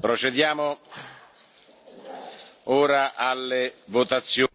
procediamo ora alle votazioni.